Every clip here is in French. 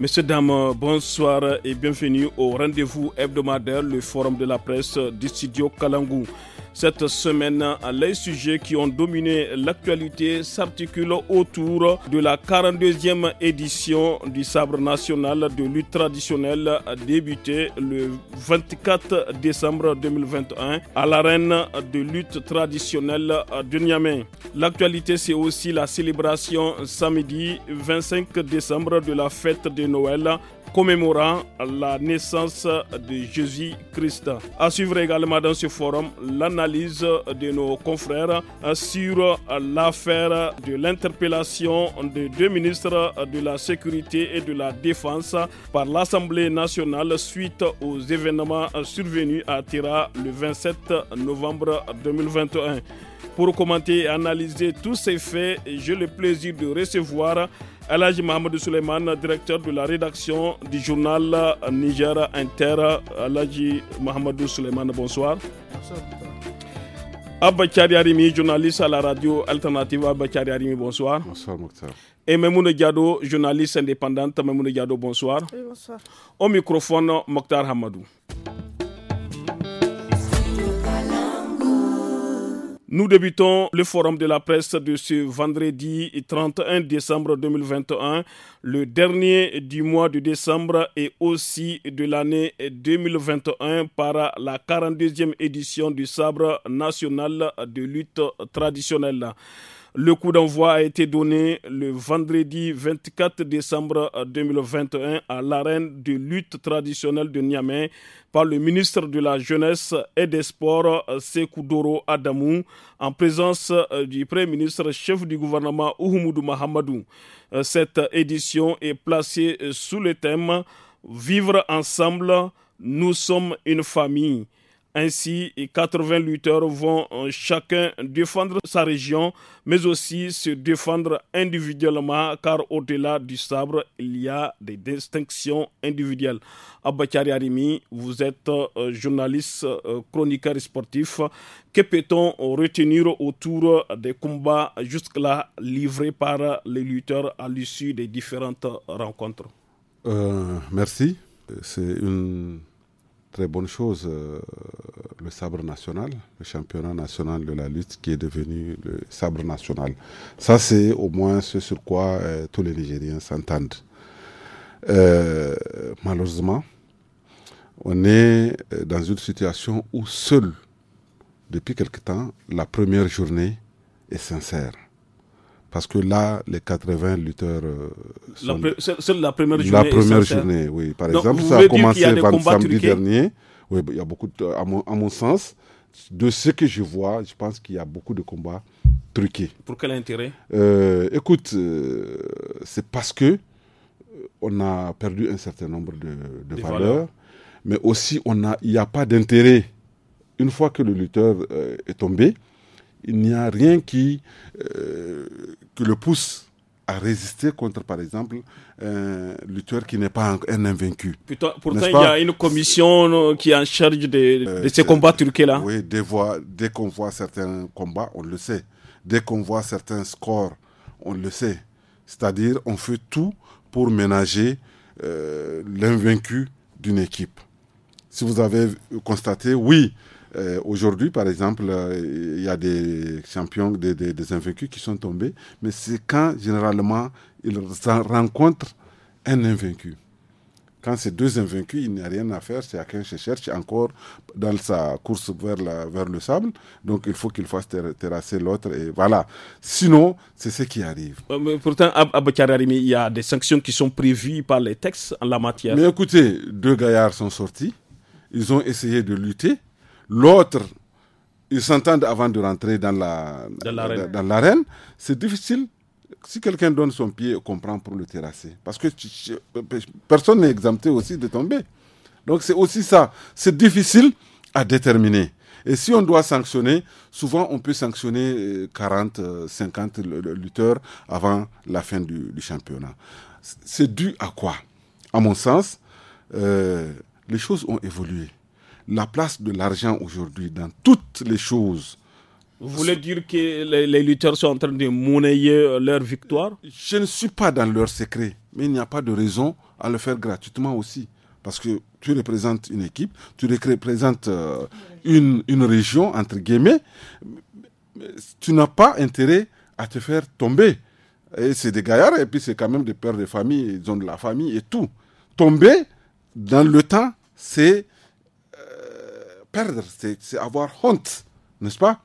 Messieurs, dames, bonsoir et bienvenue au rendez-vous hebdomadaire, le forum de la presse du studio Kalangou. Cette semaine, les sujets qui ont dominé l'actualité s'articulent autour de la 42e édition du sabre national de lutte traditionnelle débutée le 24 décembre 2021 à l'arène de lutte traditionnelle de Niamey. L'actualité, c'est aussi la célébration samedi 25 décembre de la fête de Noël commémorant la naissance de Jésus-Christ. À suivre également dans ce forum l'analyse de nos confrères sur l'affaire de l'interpellation de deux ministres de la Sécurité et de la Défense par l'Assemblée nationale suite aux événements survenus à Tira le 27 novembre 2021. Pour commenter et analyser tous ces faits, j'ai le plaisir de recevoir Alhaji mohamedou suleiman directeur de la rédaction du journal Niger Inter. Alhaji Mohamedou-Souleymane, bonsoir. Bonsoir. Abba Arimi, journaliste à la radio alternative. Abba Arimi, bonsoir. Bonsoir, Et Memoune Diado, journaliste indépendante. Memoune Diado, bonsoir. bonsoir. Au microphone, Mokhtar Hamadou. Nous débutons le forum de la presse de ce vendredi 31 décembre 2021, le dernier du mois de décembre et aussi de l'année 2021 par la 42e édition du Sabre national de lutte traditionnelle. Le coup d'envoi a été donné le vendredi 24 décembre 2021 à l'arène de lutte traditionnelle de Niamey par le ministre de la Jeunesse et des Sports Sekudoro Adamou en présence euh, du Premier ministre chef du gouvernement Ouhumoudou Mahamadou. Euh, cette édition est placée euh, sous le thème Vivre ensemble, nous sommes une famille. Ainsi, 80 lutteurs vont euh, chacun défendre sa région, mais aussi se défendre individuellement, car au-delà du sabre, il y a des distinctions individuelles. Abakari Arimi, vous êtes euh, journaliste, euh, chroniqueur sportif. Que peut-on retenir autour des combats jusque-là livrés par les lutteurs à l'issue des différentes rencontres Merci. C'est une très bonne chose euh, le sabre national, le championnat national de la lutte qui est devenu le sabre national. Ça, c'est au moins ce sur quoi euh, tous les Nigériens s'entendent. Euh, malheureusement, on est dans une situation où seul, depuis quelque temps, la première journée est sincère. Parce que là, les 80 lutteurs. Euh, c'est la première journée. La première journée, oui. Par exemple, ça a commencé samedi dernier. Oui, il y a beaucoup, de, à, mon, à, mon, sens, de ce que je vois, je pense qu'il y a beaucoup de combats truqués. Pour quel intérêt euh, Écoute, euh, c'est parce que on a perdu un certain nombre de, valeurs, mais aussi on a, il n'y a pas d'intérêt. Une fois que le lutteur est tombé, il n'y a rien euh, qui le pousse à résister contre, par exemple, un lutteur qui n'est pas un invaincu. pourtant, il y a une commission euh, qui est en charge euh, de, ces combats turcs-là. Oui, dès, qu'on voit certains combats, on le sait. Dès qu'on voit certains scores, on le sait. C'est-à-dire, on fait tout pour ménager l'invaincu d'une équipe. Si vous avez constaté, oui, euh, aujourd'hui, par exemple, euh, il y a des champions, des, invaincus qui sont tombés, mais c'est quand généralement ils rencontrent un invaincu. Quand c'est deux invaincus, il n'y a rien à faire, chacun se cherche encore dans sa course vers, la, vers le sable. Donc il faut qu'il fasse terrasser l'autre et voilà. Sinon, c'est ce qui arrive. Euh, mais pourtant, il y a des sanctions qui sont prévues par les textes en la matière. Mais écoutez, deux gaillards sont sortis, ils ont essayé de lutter, l'autre, ils s'entendent avant de rentrer dans l'arène. La, dans c'est difficile. Si quelqu'un donne son pied, on comprend pour le terrasser. Parce que personne n'est exempté aussi de tomber. Donc c'est aussi ça. C'est difficile à déterminer. Et si on doit sanctionner, souvent on peut sanctionner 40, euh, 50 euh, lutteurs avant la fin du, championnat. C'est dû à quoi À mon sens, euh, les choses ont évolué la place de l'argent aujourd'hui dans toutes les choses. Vous voulez dire que les, lutteurs sont en train de monnayer euh, leur victoire Je ne suis pas dans leur secret, mais il n'y a pas de raison à le faire gratuitement aussi. Parce que tu représentes une équipe, tu représentes euh, une, une région, entre guillemets, tu n'as pas intérêt à te faire tomber. Et c'est des gaillards, et puis c'est quand même des pères de famille, ils ont de la famille et tout. Tomber dans le temps, c'est perdre, c'est avoir honte, n'est-ce pas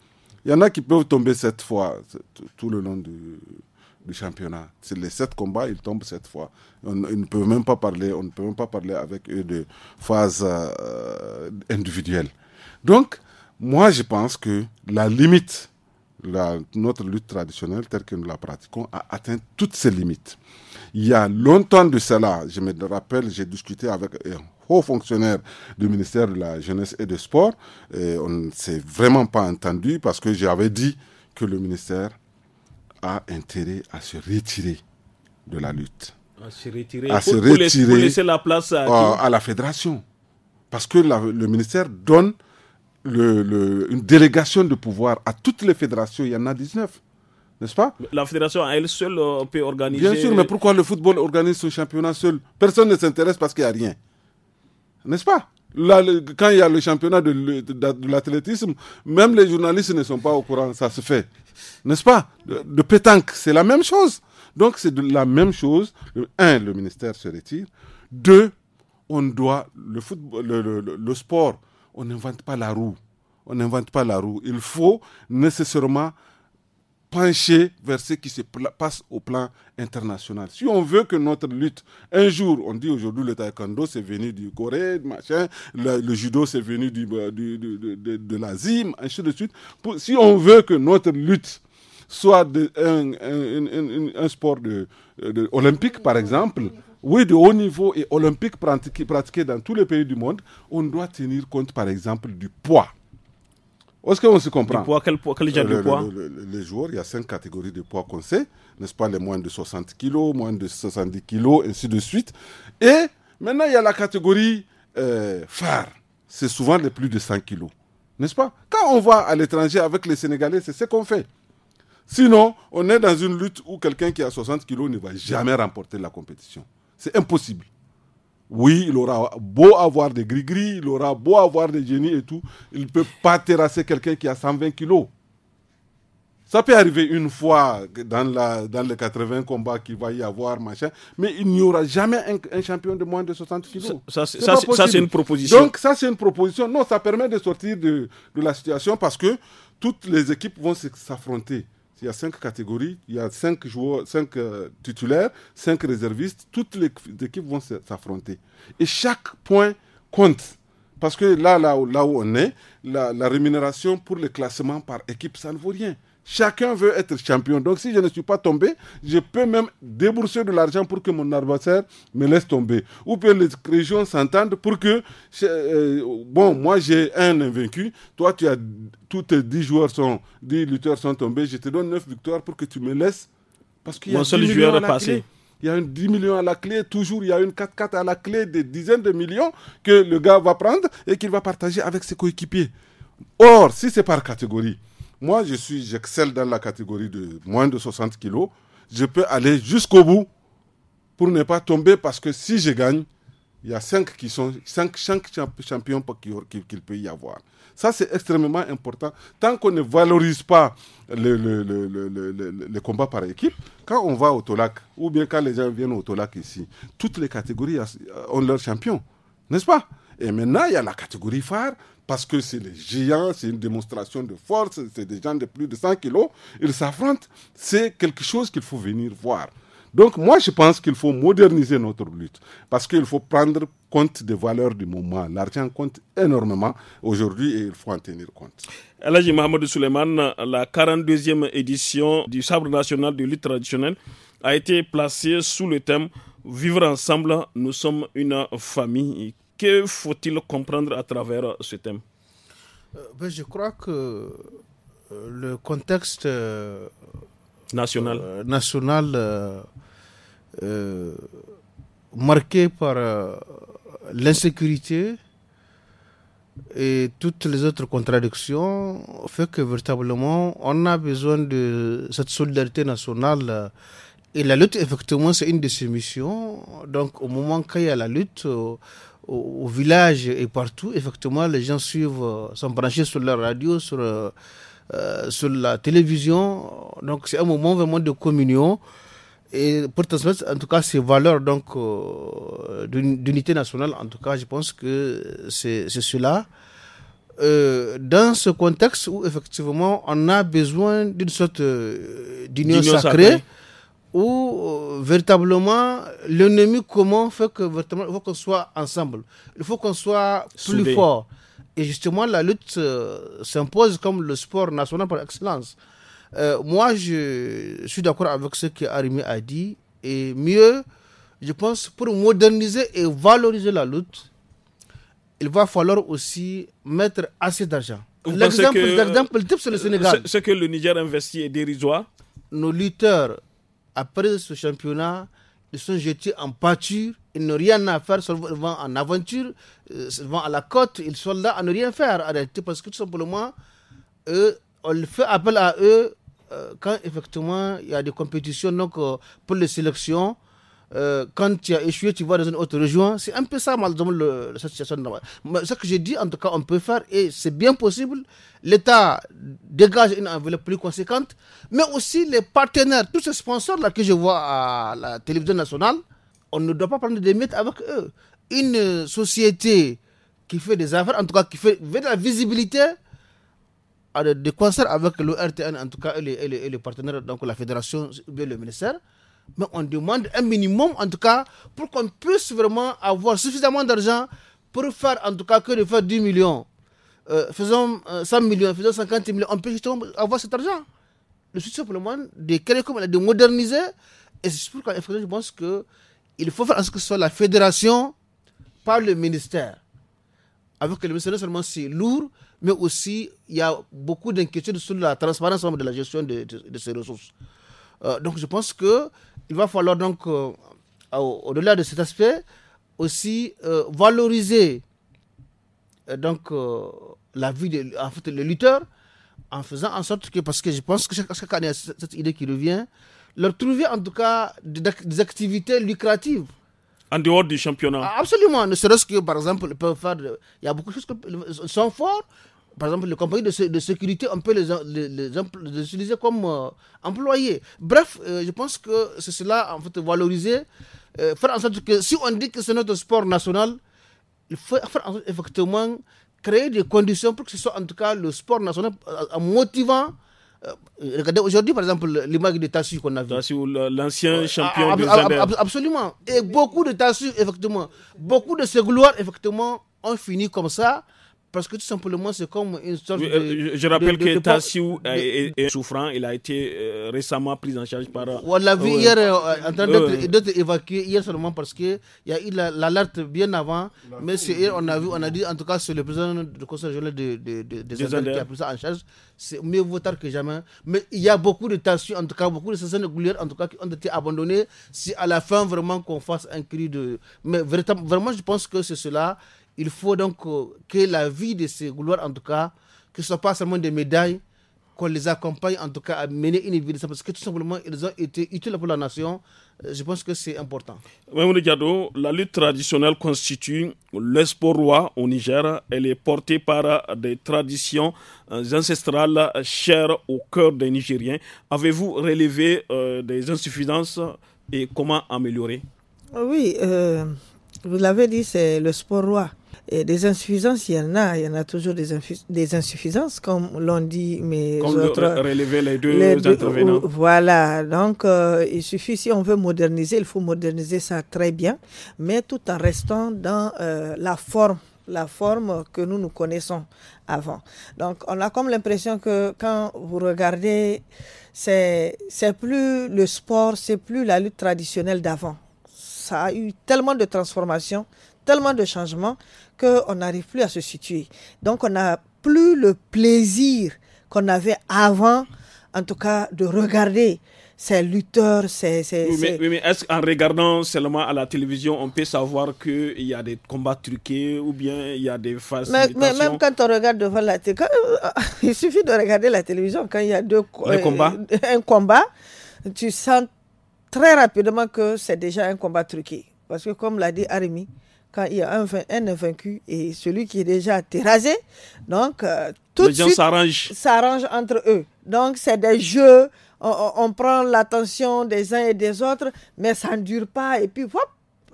Il y en a qui peuvent tomber sept fois tout le long du, du championnat. C'est les sept combats, ils tombent sept fois. On, ne peut même pas parler, on ne peut même pas parler avec eux de phase individuelles. Euh, individuelle. Donc, moi, je pense que la limite, la, notre lutte traditionnelle telle que nous la pratiquons, a atteint toutes ses limites. Il y a longtemps de cela, je me rappelle, j'ai discuté avec haut fonctionnaire du ministère de la Jeunesse et des Sports. Et on ne s'est vraiment pas entendu parce que j'avais dit que le ministère a intérêt à se retirer de la lutte. À se retirer, à se retirer laisser la place à, euh, la fédération. Parce que le ministère donne une délégation de pouvoir à toutes les fédérations. Il y en a 19 n'est-ce pas La fédération à elle seule euh, peut organiser. Bien sûr, mais pourquoi le football organise son championnat seul Personne ne s'intéresse parce qu'il n'y a rien n'est-ce pas Là, quand il y a le championnat de, l'athlétisme, même les journalistes ne sont pas au courant, ça se fait. N'est-ce pas de, pétanque, c'est la même chose. Donc c'est la même chose. Un, le ministère se retire. Deux, on doit le football, le, le sport, on n'invente pas la roue. On n'invente pas la roue. Il faut nécessairement pencher vers ce qui se passe au plan international. Si on veut que notre lutte, un jour, on dit aujourd'hui le taekwondo c'est venu du Corée, machin, le, judo c'est venu du, euh, de, l'Asie, ainsi de suite. si on veut que notre lutte soit de, un, sport olympique, par exemple, oui, de haut niveau et olympique pratiqué dans tous les pays du monde, on doit tenir compte, par exemple, du poids est-ce qu'on se comprend quel, de poids Les joueurs, il y a cinq catégories de poids qu'on sait, n'est-ce pas Les moins de 60 kg, moins de 70 kg, ainsi de suite. Et maintenant, il y a la catégorie euh, phare. C'est souvent les plus de 100 kg, n'est-ce pas Quand on va à l'étranger avec les Sénégalais, c'est ce qu'on fait. Sinon, on est dans une lutte où quelqu'un qui a 60 kg ne va jamais remporter la compétition. C'est impossible. Oui, il aura beau avoir des gris-gris, il aura beau avoir des génies et tout, il ne peut pas terrasser quelqu'un qui a 120 kilos. Ça peut arriver une fois dans, la, dans les 80 combats qu'il va y avoir, machin, mais il n'y aura jamais un, champion de moins de 60 kilos. Ça, c'est une proposition. Donc, ça, c'est une proposition. Non, ça permet de sortir de la situation parce que toutes les équipes vont s'affronter. Il y a cinq catégories, il y a cinq joueurs, cinq euh, titulaires, cinq réservistes. Toutes les équipes vont s'affronter. Et chaque point compte. Parce que là, là, où, on est, la rémunération pour le classement par équipe, ça ne vaut rien. Chacun veut être champion. Donc si je ne suis pas tombé, je peux même débourser de l'argent pour que mon adversaire me laisse tomber. Ou que les régions s'entendent pour que, euh, bon, moi j'ai un invaincu, toi tu as, tous tes 10 joueurs sont, 10 lutteurs sont tombés, je te donne 9 victoires pour que tu me laisses. Parce qu'il y a un seul joueur à passé. il y a 10 millions à la clé, toujours il y a une 4-4 à la clé, des dizaines de millions que le gars va prendre et qu'il va partager avec ses coéquipiers. Or, si c'est par catégorie, moi, je suis, j'excelle dans la catégorie de moins de 60 kilos. Je peux aller jusqu'au bout pour ne pas tomber parce que si je gagne, il y a cinq qui sont cinq, cinq champions qu'il peut y avoir. Ça, c'est extrêmement important. Tant qu'on ne valorise pas le, le, combat par équipe, quand on va au Tolac, ou bien quand les gens viennent au Tolac ici, toutes les catégories euh, ont leurs champions, n'est-ce pas et maintenant, il y a la catégorie phare, parce que c'est les géants, c'est une démonstration de force, c'est des gens de plus de 100 kilos, ils s'affrontent. C'est quelque chose qu'il faut venir voir. Donc moi, je pense qu'il faut moderniser notre lutte, parce qu'il faut prendre compte des valeurs du moment. L'argent compte énormément aujourd'hui et il faut en tenir compte. Alhaji Mohamed Suleiman, la 42e édition du Sabre national de lutte traditionnelle a été placée sous le thème Vivre ensemble, nous sommes une famille. Que faut-il comprendre à travers ce thème euh, ben, Je crois que euh, le contexte euh, national, national marqué par l'insécurité et toutes les autres contradictions fait que véritablement on a besoin de cette solidarité nationale. Et la lutte, effectivement, c'est une de ses missions. Donc, au moment qu'il y a la lutte, au, village et partout, effectivement, les gens suivent, euh, sont branchés sur leur radio, sur, euh, euh, sur la télévision. Donc, c'est un moment vraiment de communion et pour transmettre en tout cas ces valeurs donc d'unité nationale en tout cas je pense que c'est cela dans ce contexte où effectivement on a besoin d'une sorte d'union sacrée où euh, véritablement l'ennemi comment fait que véritablement, il faut qu'on soit ensemble, il faut qu'on soit plus fort. Et justement, la lutte euh, s'impose comme le sport national par excellence. Euh, moi, je suis d'accord avec ce que a dit. Et mieux, je pense, pour moderniser et valoriser la lutte, il va falloir aussi mettre assez d'argent. L'exemple type, c'est le Sénégal. ce que le Niger investit est dérisoire Nos lutteurs après ce championnat, ils sont jetés en pâture, ils n'ont rien à faire, ils vont en aventure, euh, ils vont à la côte, ils sont là à ne rien faire, en réalité, parce que tout simplement, eux, on fait appel à eux euh, quand effectivement il y a des compétitions donc, euh, pour les sélections euh, quand tu as échoué, tu vas dans une autre région. C'est un peu ça, malheureusement, le, situation. ce que j'ai dit, en tout cas, on peut faire, et c'est bien possible, l'État dégage une enveloppe plus conséquente, mais aussi les partenaires, tous ces sponsors-là que je vois à la télévision nationale, on ne doit pas prendre des miettes avec eux. Une société qui fait des affaires, en tout cas, qui fait, de la visibilité, des concerts avec l'ORTN en tout cas, et les, partenaires, donc la fédération ou bien le ministère, mais on demande un minimum, en tout cas, pour qu'on puisse vraiment avoir suffisamment d'argent pour faire, en tout cas, que de faire 10 euh, euh, millions. faisons 100 millions, faisons 50 millions, on peut justement avoir cet argent. Le soutien pour le monde créer de moderniser. Et c'est pour ça je pense qu'il faut faire en ce que ce soit la fédération par le ministère. Avec le ministère, non seulement c'est lourd, mais aussi il y a beaucoup d'inquiétudes sur la transparence de la gestion de, ces ressources. Euh, donc je pense que il va falloir donc, euh, au-delà de cet aspect, aussi euh, valoriser euh, donc la vie de lutteurs en faisant en sorte que, parce que je pense que chaque, cette idée qui revient, leur trouver en tout cas des, activités lucratives. En dehors du championnat Absolument, ne serait-ce que par exemple, ils peuvent faire. Il y a beaucoup de choses qui sont forts, par exemple, les compagnies de, sécurité, on peut les, les, utiliser comme euh, employés. Bref, euh, je pense que c'est cela, en fait, valoriser, euh, faire en sorte que si on dit que c'est notre sport national, il faut effectivement créer des conditions pour que ce soit en tout cas le sport national en motivant regardez aujourd'hui, par exemple, l'image de Tassu qu'on a vu. Tassu, l'ancien champion de ab, Absolument. Et beaucoup de Tassu, effectivement, beaucoup de ces gloires, effectivement, ont fini comme ça parce que tout simplement, c'est comme une sorte de. Euh, je, rappelle que Tassiou est, souffrant. Il a été euh, récemment pris en charge par. On l'a vu euh, hier en train d'être évacué, hier seulement parce qu'il y a eu l'alerte bien avant. Mais c'est hier, on a vu, on a dit, en tout cas, c'est le président du Conseil de, des Andes qui a pris ça en charge. C'est mieux vaut tard que jamais. Mais il y a beaucoup de Tassiou, en tout cas, beaucoup de Sassane de en tout cas, qui ont été abandonnés. Si à la fin vraiment qu'on fasse un cri de. Mais vraiment, je pense que c'est cela il faut donc euh, que la vie de ces gloires, en tout cas, que ce ne soit pas seulement des médailles, qu'on les accompagne en tout cas à mener une vie parce que tout simplement, ils ont été utiles pour la nation. Euh, je pense que c'est important. Mme Gado, la lutte traditionnelle constitue sport roi au Niger. Elle est portée par des traditions euh, ancestrales chères au cœur des Nigériens. Avez-vous relevé des insuffisances et comment améliorer Oui, vous l'avez dit, c'est le sport roi. Et des insuffisances, il y en a. Il y en a toujours des, insuffisances, comme l'ont dit mes autres. Comme relever les deux, les intervenants. voilà. Donc, euh, il suffit, si on veut moderniser, il faut moderniser ça très bien, mais tout en restant dans euh, la forme la forme que nous nous connaissons avant. Donc on a comme l'impression que quand vous regardez, c'est plus le sport, c'est plus la lutte traditionnelle d'avant. Ça a eu tellement de transformations, tellement de changements qu'on n'arrive plus à se situer. Donc on n'a plus le plaisir qu'on avait avant, en tout cas, de regarder ces lutteurs, ces... oui, mais, est-ce qu'en regardant seulement à la télévision, on peut savoir qu'il y a des combats truqués ou bien il y a des phases mais, même quand on regarde devant la télévision, euh, il suffit de regarder la télévision quand il y a deux, combat. Euh, un combat, tu sens très rapidement que c'est déjà un combat truqué. Parce que comme l'a dit Arimi, quand il y a un, vaincu et celui qui est déjà terrasé, Donc, euh, tout de suite, s'arrange entre eux. Donc, c'est des jeux, on, prend l'attention des uns et des autres, mais ça ne dure pas. Et puis,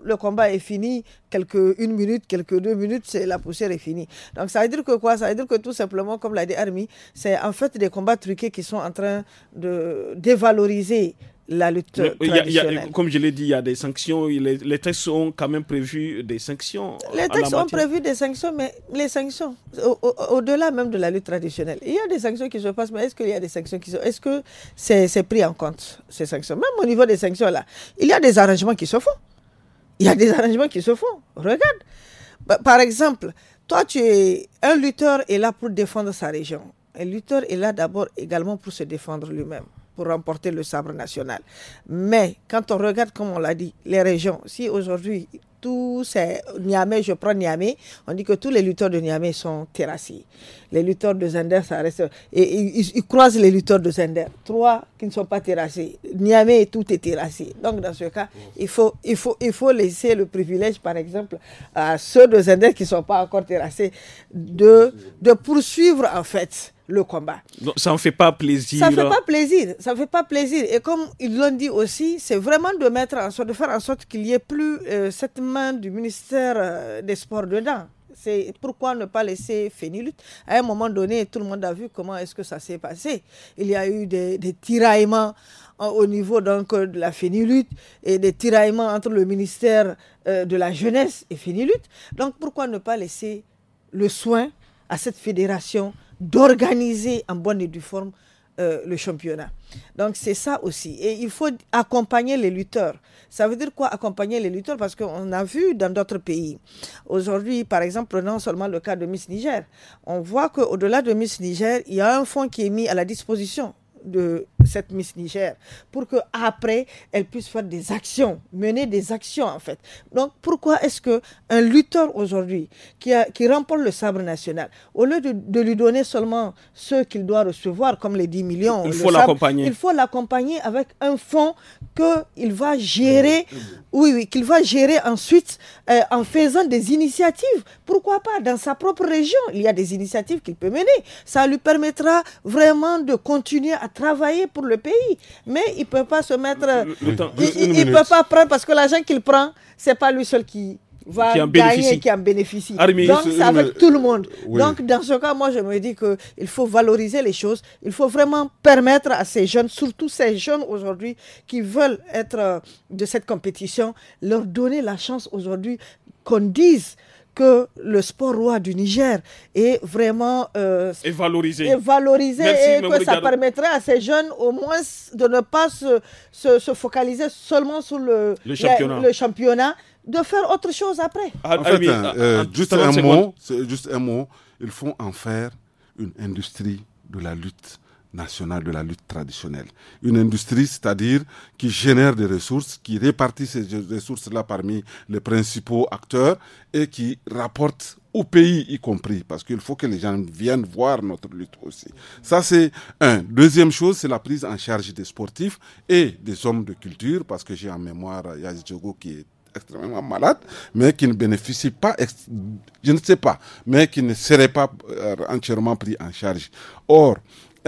le combat est fini, quelques une minute, quelques deux minutes, c'est la poussière est finie. Donc ça veut dire que quoi Ça veut dire que tout simplement, comme l'a dit Armi, c'est en fait des combats truqués qui sont en train de dévaloriser la lutte traditionnelle. comme je l'ai dit, il y a des sanctions. Les, textes ont quand même prévu des sanctions. Euh, les textes ont prévu des sanctions, mais les sanctions, au-delà même de la lutte traditionnelle, il y a des sanctions qui se passent, mais est-ce qu'il y a des sanctions qui sont. Est-ce que c'est pris en compte, ces sanctions Même au niveau des sanctions, là, il y a des arrangements qui se font. Il y a des arrangements qui se font. Regarde. Bah, par exemple, toi, tu es un lutteur et là pour défendre sa région. Un lutteur est là d'abord également pour se défendre lui-même pour remporter le sabre national. Mais quand on regarde, comme on l'a dit, les régions, si aujourd'hui tous ces Niamey, je prends Niamey, on dit que tous les lutteurs de Niamey sont terrassés. Les lutteurs de Zender, ça reste. Et, ils, croisent les lutteurs de Zender. Trois qui ne sont pas terrassés. Niamey, tout est terrassé. Donc, dans ce cas, il faut, il faut, il faut laisser le privilège, par exemple, à ceux de Zender qui ne sont pas encore terrassés, de, de poursuivre, en fait, le combat. ça ne fait pas plaisir. Ça ne fait pas plaisir. Ça fait pas plaisir. Et comme ils l'ont dit aussi, c'est vraiment de mettre en sorte, de faire en sorte qu'il y ait plus cette euh, main du ministère euh, des Sports dedans. C'est pourquoi ne pas laisser Fénilut. À un moment donné, tout le monde a vu comment est-ce que ça s'est passé. Il y a eu des, tiraillements euh, au niveau donc de la Fénilut et des tiraillements entre le ministère de la jeunesse et Fénilut. Donc pourquoi ne pas laisser le soin à cette fédération d'organiser en bonne et due forme euh, le championnat. Donc c'est ça aussi. Et il faut accompagner les lutteurs. Ça veut dire quoi accompagner les lutteurs Parce qu'on a vu dans d'autres pays. Aujourd'hui, par exemple, prenons seulement le cas de Miss Niger. On voit qu'au-delà de Miss Niger, il y a un fonds qui est mis à la disposition de cette Miss Niger, pour que après elle puisse faire des actions, mener des actions en fait. Donc pourquoi est-ce que un lutteur aujourd'hui qui, qui remporte le sabre national, au lieu de, de lui donner seulement ce qu'il doit recevoir, comme les 10 millions, il faut l'accompagner. Il faut l'accompagner avec un fonds qu'il va gérer, oui, oui, qu'il va gérer ensuite euh, en faisant des initiatives. Pourquoi pas dans sa propre région, il y a des initiatives qu'il peut mener. Ça lui permettra vraiment de continuer à travailler pour le pays, mais il ne peut pas se mettre. Euh, il ne peut pas prendre parce que l'argent qu'il prend, ce n'est pas lui seul qui va qui gagner et qui en bénéficie. Donc, c'est avec tout le monde. Donc, dans ce cas, moi, je me dis qu'il faut valoriser les choses. Il faut vraiment permettre à ces jeunes, surtout ces jeunes aujourd'hui qui veulent être euh, de cette compétition, leur donner la chance aujourd'hui qu'on dise que le sport roi du Niger est vraiment euh, et valorisé, et que ça permettrait à ces jeunes au moins de ne pas se, focaliser seulement sur le, le championnat, de faire autre chose après. Ah, en fait, euh, ah, ah, juste, un mot, juste un mot, ils font en faire une industrie de la lutte national de la lutte traditionnelle. Une industrie, c'est-à-dire qui génère des ressources, qui répartit ces ressources-là parmi les principaux acteurs et qui rapporte au pays y compris, parce qu'il faut que les gens viennent voir notre lutte aussi. Ça, c'est un. Deuxième chose, c'est la prise en charge des sportifs et des hommes de culture, parce que j'ai en mémoire Yazid Djogo qui est extrêmement malade, mais qui ne bénéficie pas, je ne sais pas, mais qui ne serait pas euh, entièrement pris en charge. Or,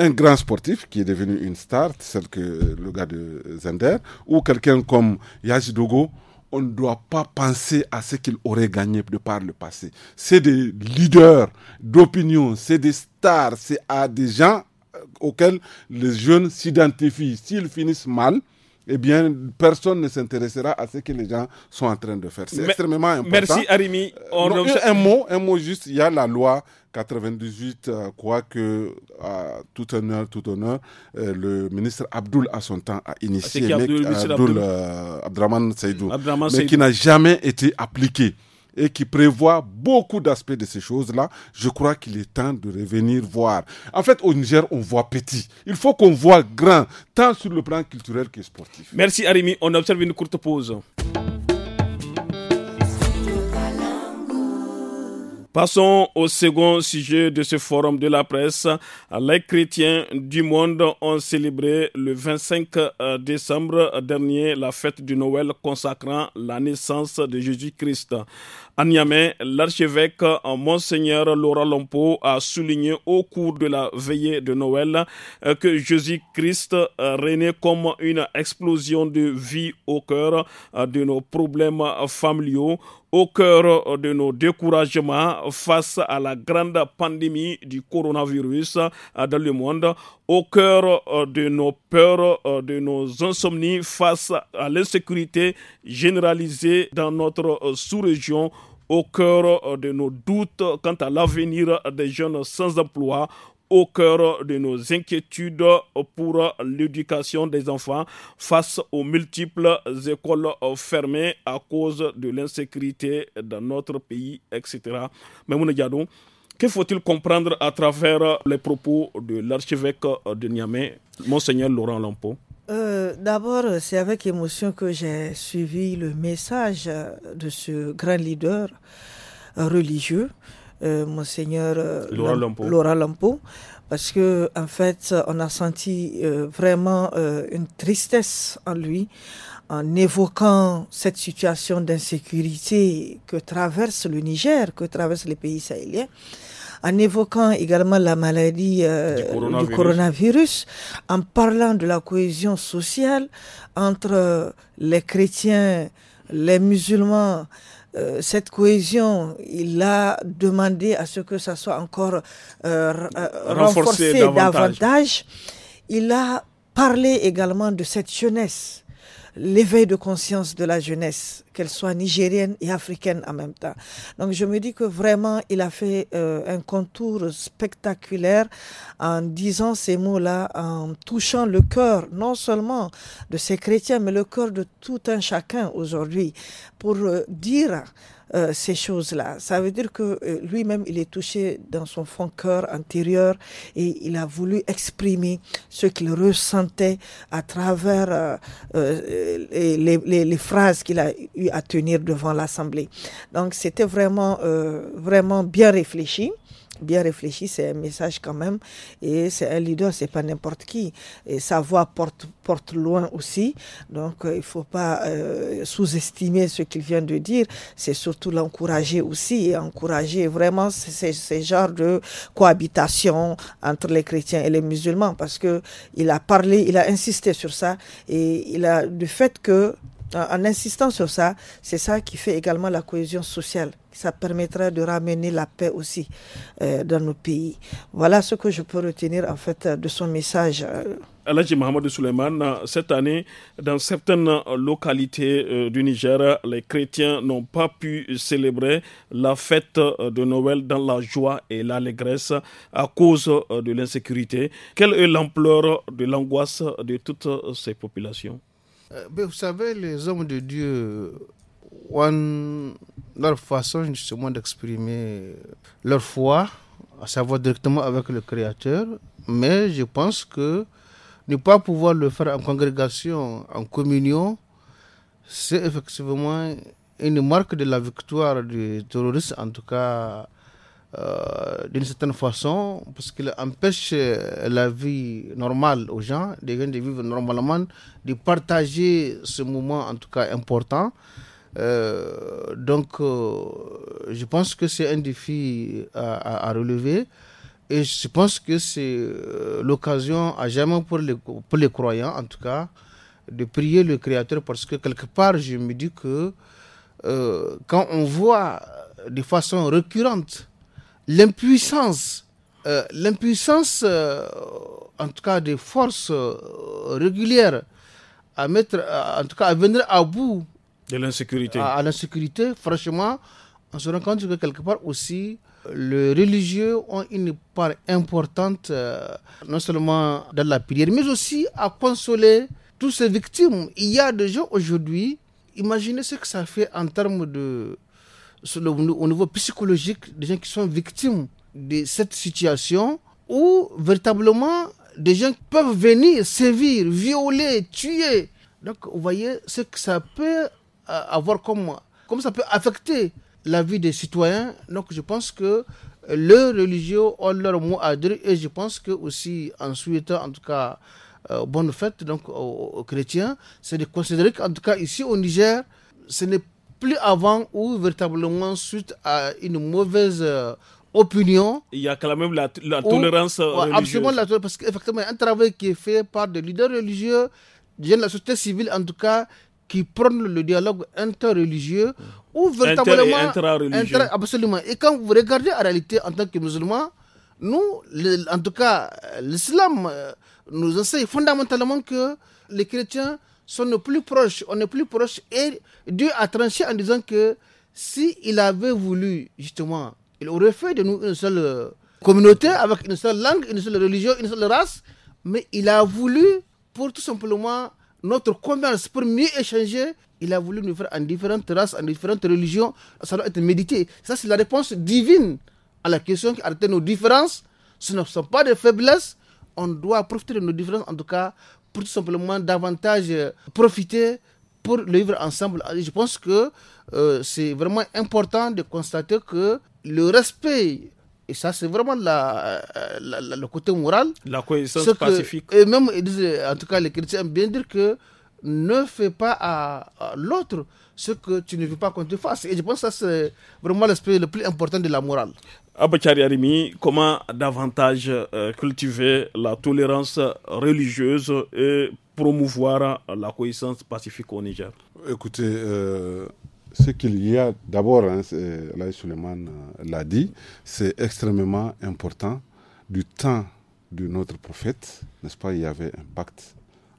un grand sportif qui est devenu une star, celle que le gars de Zender, ou quelqu'un comme Yaji Dogo, on ne doit pas penser à ce qu'il aurait gagné de par le passé. C'est des leaders d'opinion, c'est des stars, c'est à des gens euh, auxquels les jeunes s'identifient. S'ils finissent mal, eh bien, personne ne s'intéressera à ce que les gens sont en train de faire. C'est extrêmement important. Merci, Arimi. Euh, un mot, un mot juste. Il y a la loi 98, euh, quoi que tout honneur, tout honneur, euh, le ministre Abdul à son temps a ah, initié, Abdraman Saïdou, mais qui n'a jamais été appliqué et qui prévoit beaucoup d'aspects de ces choses-là, je crois qu'il est temps de revenir voir. En fait, au Niger, on voit petit. Il faut qu'on voit grand, tant sur le plan culturel que sportif. Merci Arimi, on observe une courte pause. Passons au second sujet de ce forum de la presse. Les chrétiens du monde ont célébré le 25 euh, décembre dernier la fête du Noël consacrant la naissance de Jésus-Christ. À Niamey, l'archevêque euh, Monseigneur Laurent Lompo a souligné au cours de la veillée de Noël euh, que Jésus-Christ euh, renaît comme une explosion de vie au cœur de nos problèmes familiaux, au cœur de nos découragements face à la grande pandémie du coronavirus dans le monde, au cœur de nos peurs, de nos insomnies face à l'insécurité généralisée dans notre sous-région au cœur euh, de nos doutes quant à l'avenir des jeunes sans emploi au cœur de nos inquiétudes pour l'éducation des enfants face aux multiples écoles fermées à cause de l'insécurité dans notre pays, etc. Mais Diado, que faut-il comprendre à travers les propos de l'archevêque de Niamey, Monseigneur Laurent Lampo euh, d'abord, c'est avec émotion que j'ai suivi le message de ce grand leader religieux, euh, Monseigneur euh, Laura Lampo, parce que en fait, on a senti vraiment une tristesse en lui en évoquant cette situation d'insécurité que traverse le Niger, que traverse les pays sahéliens en évoquant également la maladie euh, du, coronavirus. en parlant de la cohésion sociale entre euh, les chrétiens, les musulmans. Euh, cette cohésion, il a demandé à ce que ça soit encore renforcé, davantage. Il a parlé également de cette jeunesse l'éveil de conscience de la jeunesse, qu'elle soit nigérienne et africaine en même temps. Donc je me dis que vraiment, il a fait euh, un contour spectaculaire en disant ces mots-là, en touchant le cœur, non seulement de ces chrétiens, mais le cœur de tout un chacun aujourd'hui, pour euh, dire euh, ces choses-là. Ça veut dire que euh, lui-même, il est touché dans son fond cœur intérieur et il a voulu exprimer ce qu'il ressentait à travers euh, les, les, les, phrases qu'il a eu à tenir devant l'Assemblée. Donc c'était vraiment, vraiment bien réfléchi bien réfléchi, c'est un message quand même. Et c'est un leader, c'est pas n'importe qui. Et sa voix porte, porte loin aussi. Donc, il euh, il faut pas euh, sous-estimer ce qu'il vient de dire. C'est surtout l'encourager aussi et encourager vraiment ces genre de cohabitation entre les chrétiens et les musulmans parce que il a parlé, il a insisté sur ça et il a, du fait que en insistant sur ça, c'est ça qui fait également la cohésion sociale. Ça permettrait de ramener la paix aussi euh, dans nos pays. Voilà ce que je peux retenir en fait de son message. Alhaji Mohamed Souleymane, cette année, dans certaines localités euh, du Niger, les chrétiens n'ont pas pu célébrer la fête de Noël dans la joie et l'allégresse à cause euh, de l'insécurité. Quelle est l'ampleur de l'angoisse de toutes ces populations euh, vous savez, les hommes de Dieu ont leur façon justement d'exprimer leur foi, à savoir directement avec le Créateur, mais je pense que ne pas pouvoir le faire en congrégation, en communion, c'est effectivement une marque de la victoire du terroriste, en tout cas euh, d'une certaine façon, parce qu'il empêche euh, la vie normale aux gens, des de vivre normalement, de partager ce moment en tout cas important. Euh, donc, je pense que c'est un défi à, relever. Et je pense que c'est l'occasion à jamais pour les, pour les croyants, en tout cas, de prier le Créateur parce que quelque part, je me dis que quand on voit de façon récurrente l'impuissance, euh, l'impuissance, euh, en tout cas des forces euh, régulières à mettre, en tout cas à venir à bout de l'insécurité. À, l'insécurité, franchement, on se rend compte que quelque part aussi, les religieux ont une part importante, non seulement dans la prière, mais aussi à consoler toutes ces victimes. Il y a des gens aujourd'hui, imaginez ce que ça fait en termes de le, au niveau psychologique des gens qui sont victimes de cette situation où véritablement des gens peuvent venir sévir, violer, tuer. Donc vous voyez ce que ça peut euh, avoir comme, comment ça peut affecter la vie des citoyens. Donc je pense que les religieux ont leur mot à dire et je pense que aussi ensuite, en tout cas, euh, bonne fête donc aux, chrétiens, c'est de considérer qu'en tout cas ici au Niger, ce n'est plus avant ou véritablement suite à une mauvaise euh, opinion. Il y a quand même la, tolérance. Euh, absolument la tolérance, parce qu'effectivement, un travail qui est fait par des leaders religieux, de la société civile en tout cas, qui prennent le dialogue interreligieux hmm. ou véritablement. Inter et absolument. Et quand vous regardez en réalité en tant que musulman, nous, en tout cas, l'islam euh, nous enseigne fondamentalement que les chrétiens sont plus proches, on est plus proche. Et Dieu a tranché en disant que s'il il avait voulu, justement, il aurait fait de nous une seule euh, communauté avec une seule langue, une seule religion, une seule race. Mais il a voulu, pour tout simplement notre commerce, pour mieux échanger, il a voulu nous faire en différentes races, en différentes religions. Ça doit être médité. Ça, c'est la réponse divine à la question qui été nos différences. Ce ne sont pas des faiblesses. On doit profiter de nos différences, en tout cas, pour tout simplement davantage euh, profiter pour le vivre ensemble. je pense que euh, c'est vraiment important de constater que le respect, et ça c'est vraiment la, euh, le côté moral, la cohésion pacifique. Et même, en tout cas, les chrétiens bien dire que ne fais pas à, à l'autre ce que tu ne veux pas qu'on te fasse. Et je pense que ça, c'est vraiment l'aspect le plus important de la morale. Abachari Arimi, comment davantage euh, cultiver la tolérance religieuse et promouvoir la cohésion pacifique au Niger Écoutez, euh, ce qu'il y a d'abord, hein, Suleiman euh, l'a dit, c'est extrêmement important du temps de notre prophète, n'est-ce pas, il y avait un pacte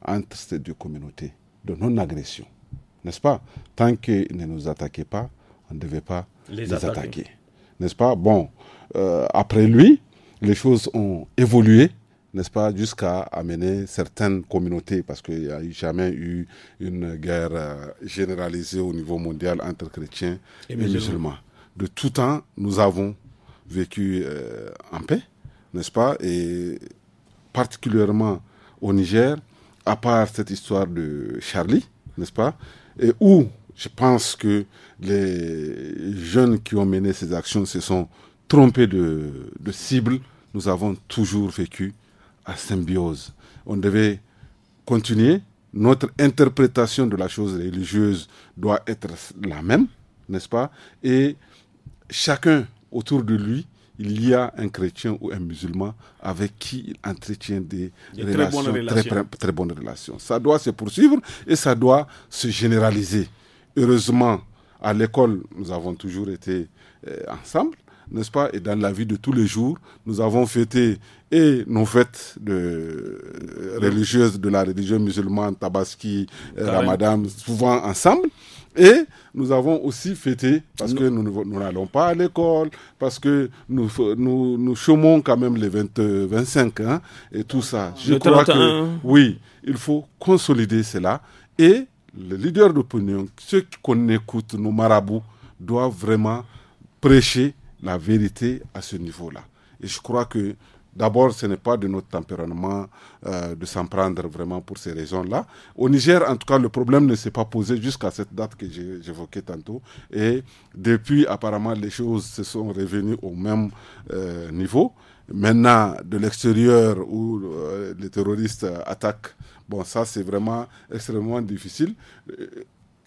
entre ces deux communautés de non-agression, n'est-ce pas Tant qu'ils ne nous attaquaient pas, on ne devait pas les attaquer n'est-ce pas Bon, euh, après lui, les choses ont évolué, n'est-ce pas, jusqu'à amener certaines communautés, parce qu'il n'y a jamais eu une guerre euh, généralisée au niveau mondial entre chrétiens et, musulmans. De tout temps, nous avons vécu euh, en paix, n'est-ce pas Et particulièrement au Niger, à part cette histoire de Charlie, n'est-ce pas Et où je pense que les jeunes qui ont mené ces actions se sont trompés de, cible. Nous avons toujours vécu à symbiose. On devait continuer. Notre interprétation de la chose religieuse doit être la même, n'est-ce pas Et chacun autour de lui, il y a un chrétien ou un musulman avec qui il entretient des relations, très bonnes très bonnes relations. Ça doit se poursuivre et ça doit se généraliser heureusement, à l'école, nous avons toujours été euh, ensemble, n'est-ce pas Et dans la vie de tous les jours, nous avons fêté et nos fêtes de, euh, religieuses de la religion musulmane, Tabaski, euh, Ramadan, souvent ensemble. Et nous avons aussi fêté parce que nous n'allons pas à l'école, parce que nous, nous, nous chômons quand même les 20, 25 ans et tout ça. Je crois que oui, il faut consolider cela et les leaders d'opinion, ceux qu'on écoutent nos marabouts, doivent vraiment prêcher la vérité à ce niveau-là. Et je crois que D'abord, ce n'est pas de notre tempérament euh, de s'en prendre vraiment pour ces raisons-là. Au Niger, en tout cas, le problème ne s'est pas posé jusqu'à cette date que j'évoquais tantôt. Et depuis, apparemment, les choses se sont revenues au même euh, niveau. Maintenant, de l'extérieur, où euh, les terroristes attaquent Bon, ça, c'est vraiment extrêmement difficile. Euh,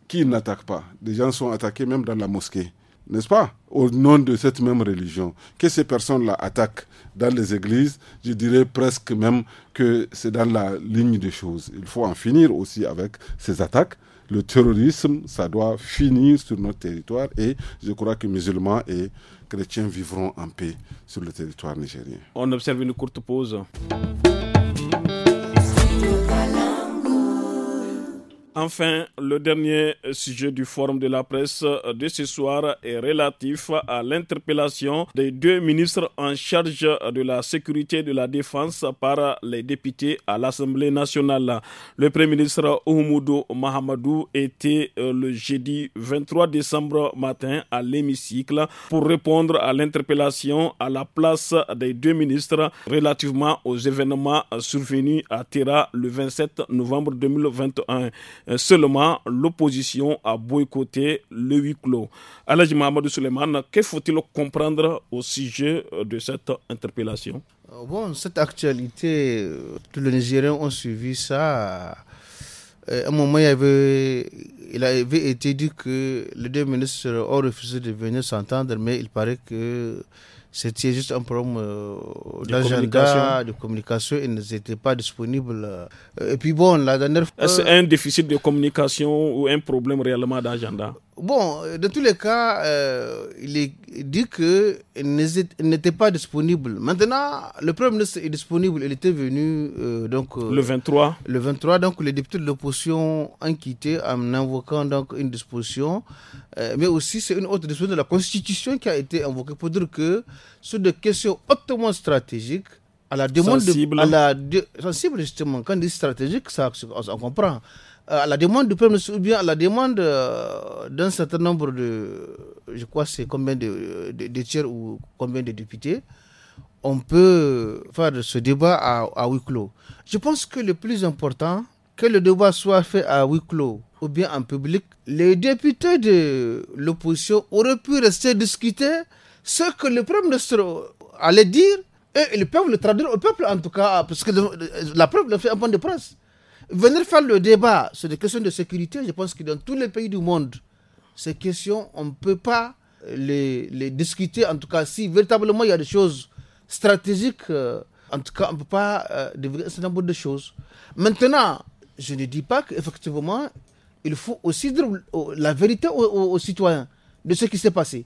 qui n'attaque pas Des gens sont attaqués même dans la mosquée, n'est-ce pas Au nom de cette même religion. Que ces personnes-là attaquent dans les églises, je dirais presque même que c'est dans la ligne des choses. Il faut en finir aussi avec ces attaques le terrorisme, ça doit finir sur notre territoire et je crois que musulmans et chrétiens vivront en paix sur le territoire nigérien. On observe une courte pause. Enfin, le dernier sujet du forum de la presse de ce soir est relatif à l'interpellation des deux ministres en charge de la sécurité et de la défense par les députés à l'Assemblée nationale. Le Premier ministre Oumoudou Mahamadou était euh, le jeudi 23 décembre matin à l'hémicycle pour répondre à l'interpellation à la place des deux ministres relativement aux événements survenus à Terra le 27 novembre 2021. Euh, seulement, l'opposition a boycotté le huis clos. Aladji Mahamadou Suleiman, que faut-il comprendre au sujet euh, de cette interpellation euh, Bon, cette actualité, tous les Nigériens ont suivi ça. À un moment, il, avait, il avait été dit que les deux ministres ont refusé de venir s'entendre, mais il paraît que c'était juste un problème euh, d'agenda, de, communication. Ils n'étaient pas disponibles. Euh, et puis bon, la dernière fois. Est-ce un déficit de communication ou un problème réellement d'agenda Bon, euh, dans tous les cas, il est dit qu'il n'était pas disponible. Maintenant, le Premier ministre est disponible. Il était venu euh, donc, euh, le 23. Le 23, donc les députés de l'opposition ont quitté en invoquant donc, une disposition. Euh, mais aussi, c'est une autre disposition de la Constitution qui a été invoquée pour dire que sur des questions hautement stratégiques, à la demande sensible. à la justement quand on dit stratégique ça, on comprend euh, à la demande du premier ministre ou bien à la demande euh, d'un certain nombre de je crois c'est combien de, de, tiers ou combien de députés on peut faire ce débat à, à huis clos je pense que le plus important que le débat soit fait à huis clos ou bien en public les députés de l'opposition auraient pu rester discuter ce que le premier ministre allait dire et ils peuvent le traduire au peuple, en tout cas, parce que la preuve le fait un point de presse. Venir faire le débat sur des questions de sécurité, je pense que dans tous les pays du monde, ces questions, on ne peut pas les, discuter, en tout cas, si véritablement il y a des choses stratégiques, euh, en tout cas, on ne peut pas euh, un nombre de choses. Maintenant, je ne dis pas qu'effectivement, il faut aussi dire la vérité aux citoyens de ce qui s'est passé.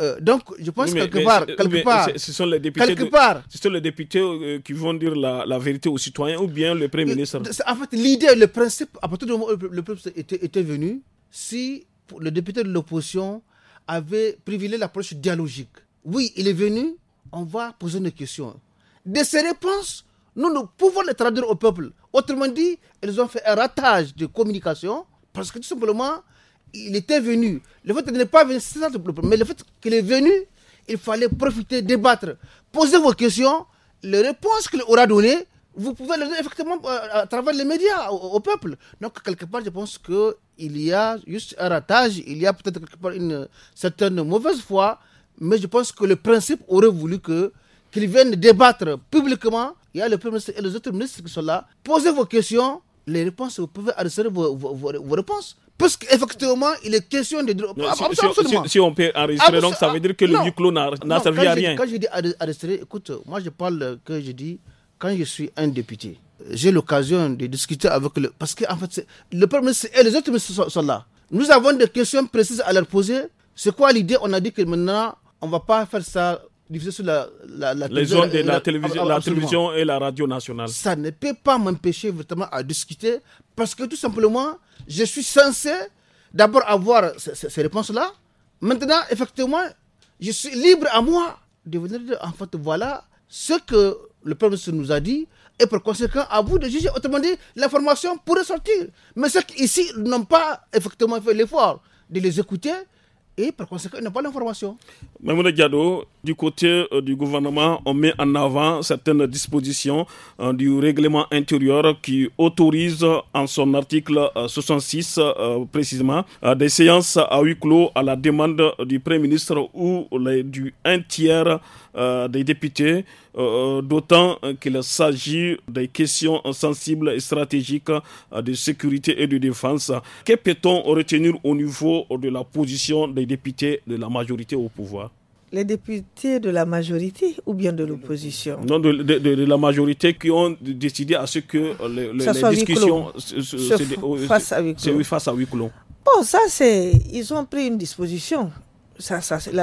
Euh, donc, je pense que quelque part, quelque part, ce sont les députés, quelque euh, qui vont dire la, vérité aux citoyens ou bien le premier ministre. En fait, l'idée, le principe, à partir du moment où le peuple était, venu, si le député de l'opposition avait privilégié l'approche dialogique, oui, il est venu, on va poser une question. De ces réponses, nous, nous pouvons les traduire au peuple. Autrement dit, ils ont fait un ratage de communication parce que tout simplement, il était venu. Le fait qu'il n'est pas venu, c'est ça le problème. Mais le fait qu'il est venu, il fallait profiter, débattre, poser vos questions. Les réponses qu'il aura données, vous pouvez les donner effectivement euh, à travers les médias, au, peuple. Donc, quelque part, je pense qu'il y a juste un ratage, il y a peut-être quelque part une certaine mauvaise foi, mais je pense que le principe aurait voulu que vienne débattre publiquement. Il y a le Premier ministre et les autres ministres qui sont là. Posez vos questions, les réponses, vous pouvez adresser vos réponses. Parce qu'effectivement, il est question de. Ah, si, on peut enregistrer, donc ça veut dire que le huis n'a servi à rien. quand je dis arrêter, écoute, moi je parle que je dis quand je suis un député. J'ai l'occasion de discuter avec le. Parce qu'en en fait, le Premier ministre et les autres ministres sont, sont, là. Nous avons des questions précises à leur poser. C'est quoi l'idée On a dit que maintenant, on ne va pas faire ça sur la, Les zones de la, télévision, ah, la ah, télévision et la radio nationale. Ça ne peut pas m'empêcher à discuter parce que tout simplement, je suis censé d'abord avoir ces, réponses-là. Maintenant, effectivement, je suis libre à moi de venir dire, en fait, voilà ce que le peuple nous a dit et par conséquent à vous de juger. Autrement dit, l'information pourrait sortir. Mais ceux qui ici n'ont pas effectivement fait l'effort de les écouter, et par conséquent, n'y a pas l'information. Mme Diado, du côté euh, du gouvernement, on met en avant certaines dispositions euh, du règlement intérieur qui autorise en son article 66 euh, précisément des séances à huis clos à la demande du Premier ministre ou du un tiers euh, des députés, euh, euh, d'autant qu'il s'agit des questions sensibles et stratégiques de sécurité et de défense. Que peut-on retenir au niveau de la position des députés de la majorité au pouvoir les députés de la majorité ou bien de l'opposition Non, de, la majorité qui ont décidé à ce que les, discussions se, à huis clos. Face à Bon, ça, c'est. Ils ont pris une disposition. Ça,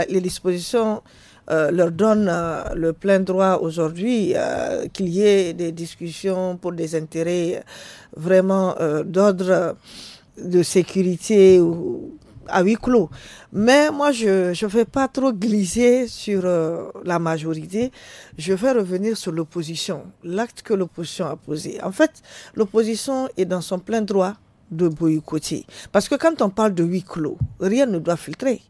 les dispositions euh, leur donne euh, le plein droit aujourd'hui euh, qu'il y ait des discussions pour des intérêts vraiment d'ordre de sécurité ou à huis clos. Mais moi, je ne vais pas trop glisser sur la majorité. Je vais revenir sur l'opposition, l'acte que l'opposition a posé. En fait, l'opposition est dans son plein droit de boycotter. Parce que quand on parle de huis clos, rien ne doit filtrer.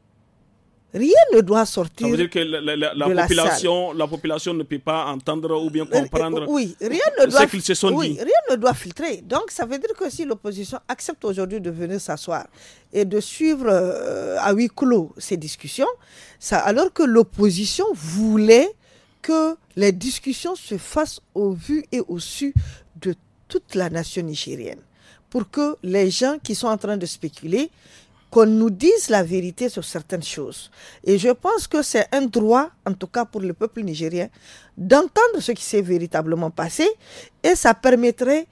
Rien ne doit sortir. Ça veut dire que la, population, la, population, ne peut pas entendre ou bien euh, comprendre euh, oui, rien ne doit, ce qu'ils se sont oui, Rien ne doit filtrer. Donc ça veut dire que si l'opposition accepte aujourd'hui de venir s'asseoir et de suivre euh, à huis clos ces discussions, ça, alors que l'opposition voulait que les discussions se fassent au vu et au su de toute la nation nigérienne pour que les gens qui sont en train de spéculer qu'on nous dise la vérité sur certaines choses. Et je pense que c'est un droit, en tout cas pour le peuple nigérien, d'entendre ce qui s'est véritablement passé et ça permettrait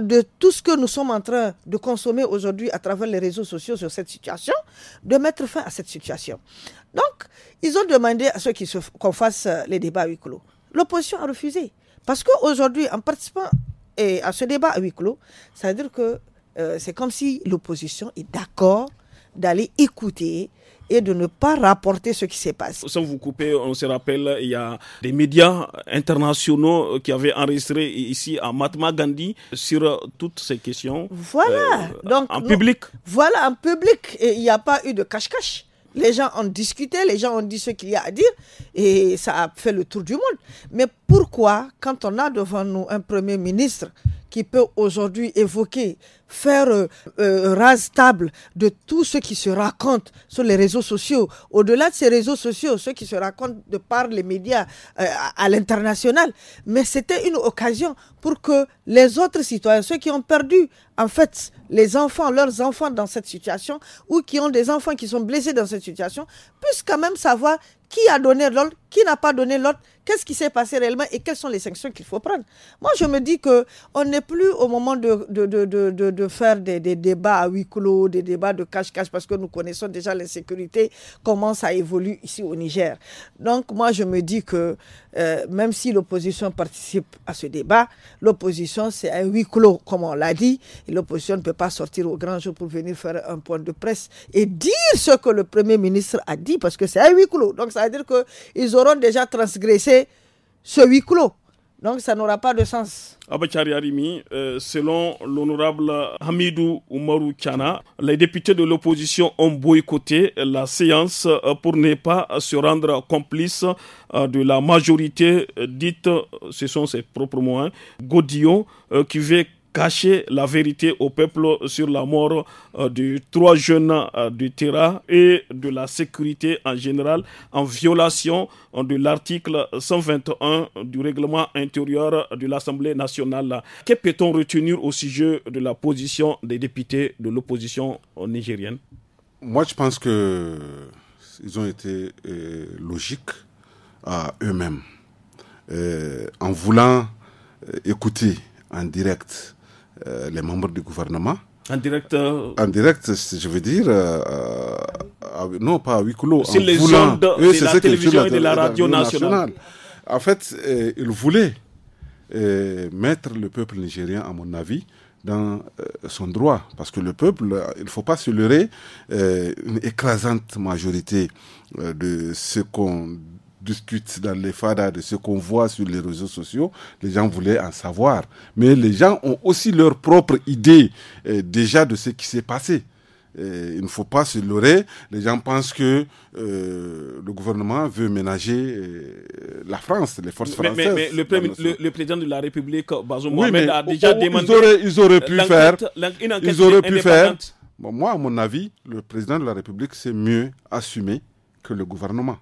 de tout ce que nous sommes en train de consommer aujourd'hui à travers les réseaux sociaux sur cette situation, de mettre fin à cette situation. Donc, ils ont demandé à ceux qui qu'on fasse euh, les débats à huis clos. L'opposition a refusé. Parce qu'aujourd'hui, en participant à ce débat à huis clos, cest veut dire que euh, c'est comme si l'opposition est d'accord d'aller écouter et de ne pas rapporter ce qui se passe. Sans vous couper, on se rappelle, il y a des médias internationaux qui avaient enregistré ici à Mahatma Gandhi sur toutes ces questions. Voilà. Euh, Donc, en public. Voilà, en public. Et il n'y a pas eu de cache-cache. Les gens ont discuté, les gens ont dit ce qu'il y a à dire et ça a fait le tour du monde. Mais pourquoi, quand on a devant nous un Premier ministre qui peut aujourd'hui évoquer faire euh, euh, rase table de tout ce qui se raconte sur les réseaux sociaux. Au-delà de ces réseaux sociaux, ceux qui se racontent de par les médias euh, à, à l'international. Mais c'était une occasion pour que les autres citoyens, ceux qui ont perdu en fait les enfants, leurs enfants dans cette situation, ou qui ont des enfants qui sont blessés dans cette situation, puissent quand même savoir qui a donné l'ordre Qui n'a pas donné l'ordre Qu'est-ce qui s'est passé réellement et quelles sont les sanctions qu'il faut prendre Moi, je me dis que on n'est plus au moment de, de, de, de, de faire des, des, débats à huis clos, des débats de cache-cache, parce que nous connaissons déjà l'insécurité, comment ça évolue ici au Niger. Donc, moi, je me dis que euh, même si l'opposition participe à ce débat, l'opposition, c'est un huis clos, comme on l'a dit. L'opposition ne peut pas sortir au grand jour pour venir faire un point de presse et dire ce que le Premier ministre a dit, parce que c'est un huis clos. Donc, cest à dire qu'ils auront déjà transgressé ce huis clos. Donc ça n'aura pas de sens. Abachari Arimi, euh, selon l'honorable Hamidou Oumarou Kiana, les députés de l'opposition ont boycotté la séance euh, pour ne pas se rendre complice euh, de la majorité dite, ce sont ses propres mots, hein, qui veut cacher la vérité au peuple sur la mort euh, de trois jeunes du euh, de et de la sécurité en général en violation euh, de l'article 121 du règlement intérieur de l'Assemblée nationale. Que peut-on retenir au sujet de la position des députés de l'opposition nigérienne Moi, je pense que ils ont été logiques à eux-mêmes. en voulant écouter en direct euh, les membres du gouvernement. En direct euh, En direct, je veux dire, euh, non pas à huis clos. C'est les la télévision et la, radio nationale. En fait, il voulait mettre le peuple nigérien, à mon avis, dans son droit. Parce que le peuple, il ne faut pas se leurrer, une écrasante majorité de ce qu'on discute dans les fadas de ce qu'on voit sur les réseaux sociaux, les gens voulaient en savoir. Mais les gens ont aussi leur propre idée euh, déjà de ce qui s'est passé. Euh, il ne faut pas se leurrer. Les gens pensent que euh, le gouvernement veut ménager la France, les forces françaises. Mais, le, président de la République, Bazoum Mohamed, a déjà demandé. Ils auraient, pu faire. ils auraient pu faire. moi, à mon avis, le président de la République, c'est mieux assumé que le gouvernement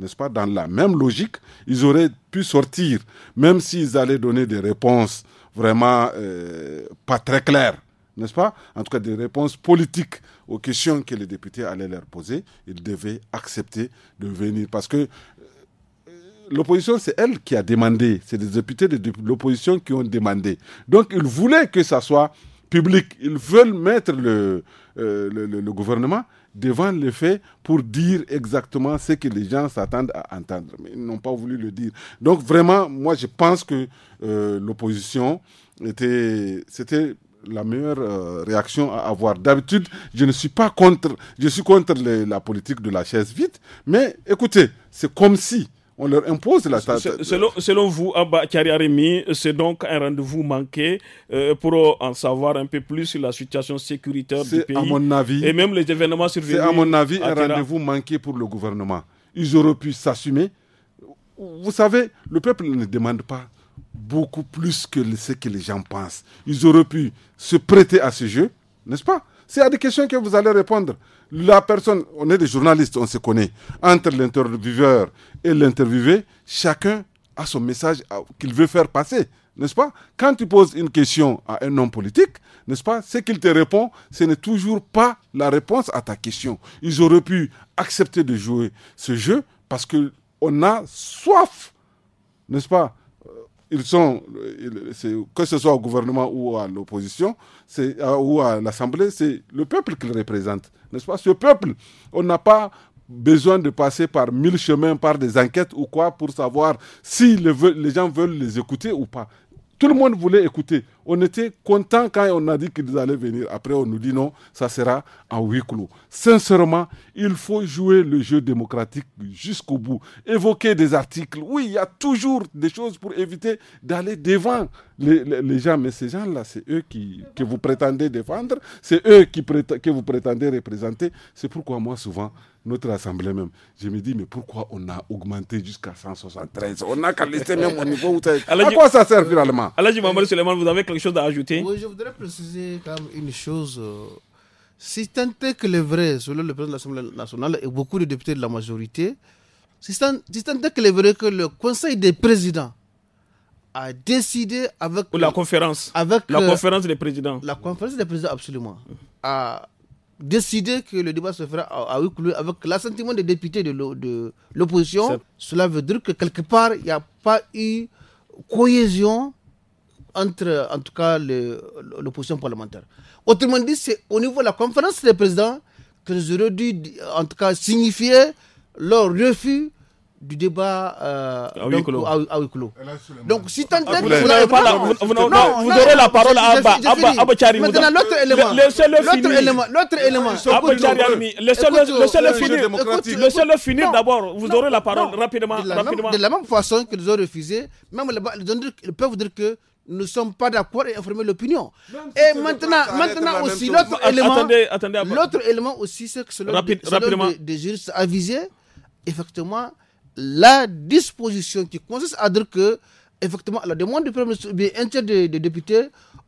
n'est-ce pas, dans la même logique, ils auraient pu sortir, même s'ils allaient donner des réponses vraiment euh, pas très claires, n'est-ce pas En tout cas, des réponses politiques aux questions que les députés allaient leur poser. Ils devaient accepter de venir parce que euh, l'opposition, c'est elle qui a demandé. C'est les députés de l'opposition qui ont demandé. Donc, ils voulaient que ça soit public. Ils veulent mettre le, euh, le, gouvernement devant les faits pour dire exactement ce que les gens s'attendent à entendre. Mais ils n'ont pas voulu le dire. Donc vraiment, moi je pense que euh, l'opposition était, c'était la meilleure euh, réaction à avoir. D'habitude, je ne suis pas contre, je suis contre la politique de la chaise vite mais écoutez, c'est comme si on leur impose la tâche. Selon, vous, Abba c'est donc un rendez-vous manqué euh, pour en savoir un peu plus sur la situation sécuritaire du pays. à mon avis. Et même les événements survenus. C'est à mon avis un rendez-vous manqué pour le gouvernement. Ils auraient pu s'assumer. Vous savez, le peuple ne demande pas beaucoup plus que ce que les gens pensent. Ils auraient pu se prêter à ce jeu, n'est-ce pas C'est à des questions que vous allez répondre la personne, on est des journalistes, on se connaît. Entre l'intervieweur et l'interviewé, chacun a son message qu'il veut faire passer, n'est-ce pas Quand tu poses une question à un homme politique, n'est-ce pas Ce qu'il te répond, ce n'est toujours pas la réponse à ta question. Ils auraient pu accepter de jouer ce jeu parce qu'on a soif, n'est-ce pas, ils sont, que ce soit au gouvernement ou à l'opposition euh, ou à l'Assemblée, c'est le peuple qu'ils représentent, n'est-ce pas Ce peuple, on n'a pas besoin de passer par mille chemins, par des enquêtes ou quoi, pour savoir si les gens veulent les écouter ou pas. Tout le monde voulait écouter. On était content quand on a dit qu'ils allaient venir. Après, on nous dit non, ça sera en huis clos. Sincèrement, il faut jouer le jeu démocratique jusqu'au bout. Évoquer des articles. Oui, il y a toujours des choses pour éviter d'aller devant les, gens. Mais ces gens-là, c'est eux qui, que vous prétendez défendre. C'est eux qui que vous prétendez représenter. C'est pourquoi moi, souvent, notre assemblée même, je me dis, mais pourquoi on a augmenté jusqu'à 173 On a qu'à laisser même au niveau où ça À quoi ça sert finalement Aladji Mamadou Suleiman, vous avez quelque chose à ajouter Oui, je voudrais préciser quand même une chose. Euh, si tant est que le vrai, selon le président de l'Assemblée nationale et beaucoup de députés de la majorité, si tant, est que le vrai que le Conseil des présidents a décidé avec. Ou la conférence. Avec la conférence des présidents. La conférence des présidents, absolument. A décider que le débat se fera avec l'assentiment des députés de l'opposition, cela veut dire que quelque part, il n'y a pas eu cohésion entre, en tout cas, l'opposition parlementaire. Autrement dit, c'est au niveau de la conférence des présidents que j'aurais dû, en tout cas, signifier leur refus du débat euh, à ah huis ah ah Donc, si tant est que vous n'avez pas vous, aurez la parole à Abba, Abba, Abba Chari. Maintenant, l'autre élément, l'autre élément, l'autre élément, Abba Chari, laissez-le finir, laissez-le finir d'abord, vous aurez la parole rapidement, De la même façon qu'ils ont refusé, même ils peuvent dire que nous ne sommes pas d'accord et informer l'opinion. Et maintenant, maintenant aussi, l'autre élément, l'autre élément aussi, c'est que selon des juristes avisés, effectivement, la disposition qui consiste à dire que, effectivement, la demande du Premier ministre bien un des, des, députés,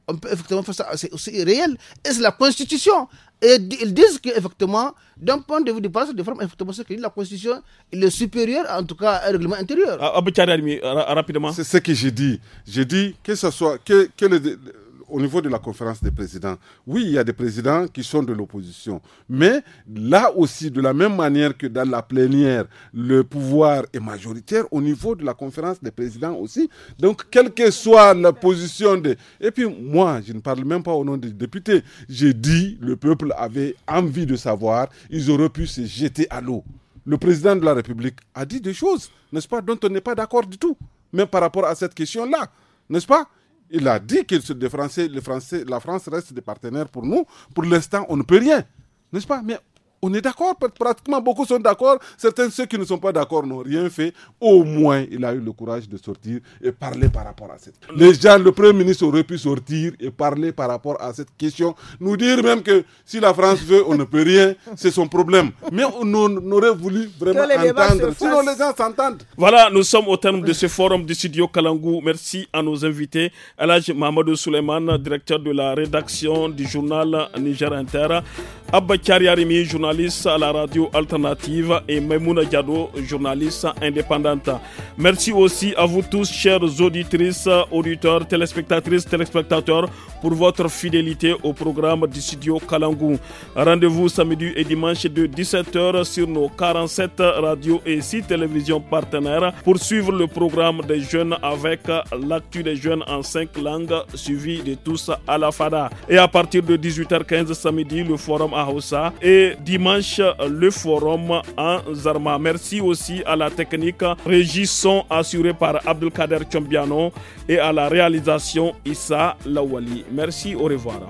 on peut effectivement faire ça, ah, c'est aussi réel. Et c'est la Constitution. Et ils disent qu'effectivement, d'un point de vue de passé, de forme, effectivement, c'est que la Constitution, est supérieure, en tout cas, à un règlement intérieur. Ah, rapidement. C'est ce que j'ai dit. J'ai dit que ce soit, que, que au niveau de la conférence des présidents, oui, il y a des présidents qui sont de l'opposition. Mais là aussi, de la même manière que dans la plénière, le pouvoir est majoritaire, au niveau de la conférence des présidents aussi. Donc, quelle que soit la position des... Et puis, moi, je ne parle même pas au nom des députés. J'ai dit, le peuple avait envie de savoir, ils auraient pu se jeter à l'eau. Le président de la République a dit des choses, n'est-ce pas, dont on n'est pas d'accord du tout, même par rapport à cette question-là, n'est-ce pas il a dit que se le français, la France reste des partenaires pour nous. Pour l'instant, on ne peut rien. N'est-ce pas Mais on est d'accord, pratiquement beaucoup sont d'accord. Certains, ceux qui ne sont pas d'accord, n'ont rien fait. Au moins, il a eu le courage de sortir et parler par rapport à cette. Les gens, le Premier ministre aurait pu sortir et parler par rapport à cette question. Nous dire même que si la France veut, on ne peut rien. C'est son problème. Mais on, aurait voulu vraiment les entendre. Sinon, les gens s'entendent. Voilà, nous sommes au terme de ce forum du studio Kalangou. Merci à nos invités. Alaj Mamadou Souleymane, directeur de la rédaction du journal Niger Inter. Abba Arimi, journal journaliste à la radio alternative, et Maimouna journaliste indépendante. Merci aussi à vous tous, chers auditrices, auditeurs, téléspectatrices, téléspectateurs, pour votre fidélité au programme du studio Kalangou. Rendez-vous samedi et dimanche de 17h sur nos 47 radios et 6 télévisions partenaires pour suivre le programme des jeunes avec l'actu des jeunes en 5 langues suivi de tous à la FADA. Et à partir de 18h15 samedi, le forum à et dimanche manche le forum en Zarma. Merci aussi à la technique régissant assurée par Abdelkader Chombiano et à la réalisation Issa Lawali. Merci, au revoir.